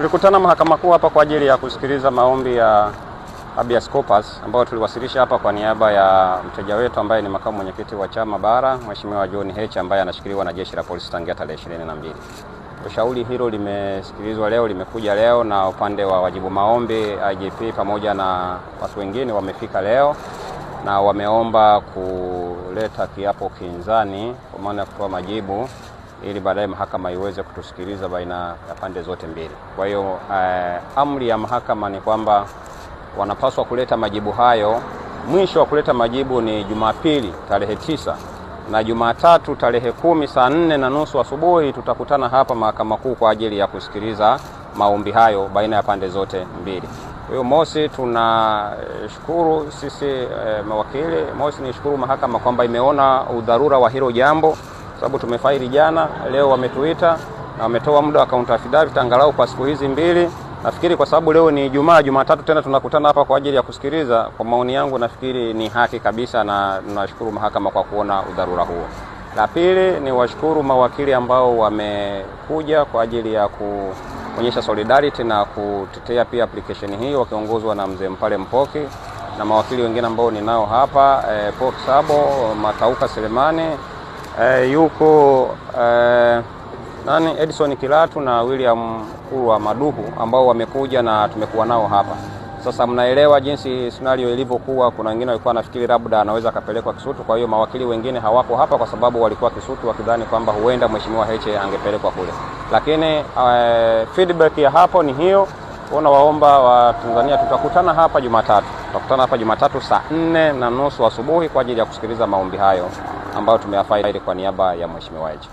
Tulikutana Mahakama Kuu hapa kwa ajili ya kusikiliza maombi ya habeas corpus ambayo tuliwasilisha hapa kwa niaba ya mteja wetu ambaye ni makamu mwenyekiti wa chama bara, Mheshimiwa John Heche ambaye anashikiliwa na jeshi la polisi tangia tarehe 22. Ushauri hilo limesikilizwa leo, limekuja leo, na upande wa wajibu maombi IGP pamoja na watu wengine wamefika leo na wameomba kuleta kiapo kinzani kwa maana ya kutoa majibu ili baadaye mahakama iweze kutusikiliza baina ya pande zote mbili. Kwa hiyo uh, amri ya mahakama ni kwamba wanapaswa kuleta majibu hayo. Mwisho wa kuleta majibu ni Jumapili tarehe tisa na Jumatatu tarehe kumi saa nne na nusu asubuhi tutakutana hapa Mahakama Kuu kwa ajili ya kusikiliza maombi hayo baina ya pande zote mbili. Kwa hiyo mosi, tunashukuru sisi e, mawakili mosi, nishukuru mahakama kwamba imeona udharura wa hilo jambo sababu tumefaili jana, leo wametuita na wametoa muda wa kaunta affidavit angalau kwa siku hizi mbili. Nafikiri kwa sababu leo ni Ijumaa, Jumatatu tena tunakutana hapa kwa ajili ya kusikiliza. Kwa maoni yangu, nafikiri ni haki kabisa, na tunashukuru mahakama kwa kuona udharura huo. La pili ni washukuru mawakili ambao wamekuja kwa ajili ya kuonyesha solidarity na kutetea pia application hii wakiongozwa na mzee Mpale Mpoki na mawakili wengine ambao ninao hapa eh, Pok Sabo Matauka Selemani e, yuko e, nani Edison Kilatu na William Kulwa Maduhu ambao wamekuja na tumekuwa nao hapa sasa. Mnaelewa jinsi scenario ilivyokuwa. Kuna wengine walikuwa nafikiri labda anaweza akapelekwa Kisutu, kwa hiyo mawakili wengine hawako hapa kwa sababu walikuwa Kisutu wakidhani kwamba huenda mheshimiwa Heche angepelekwa kule, lakini uh, feedback ya hapo ni hiyo. Ona, waomba wa Tanzania, tutakutana hapa Jumatatu, tutakutana hapa Jumatatu saa nne na nusu asubuhi kwa ajili ya kusikiliza maombi hayo ambayo tumeyafaili kwa niaba ya mheshimiwa Heche.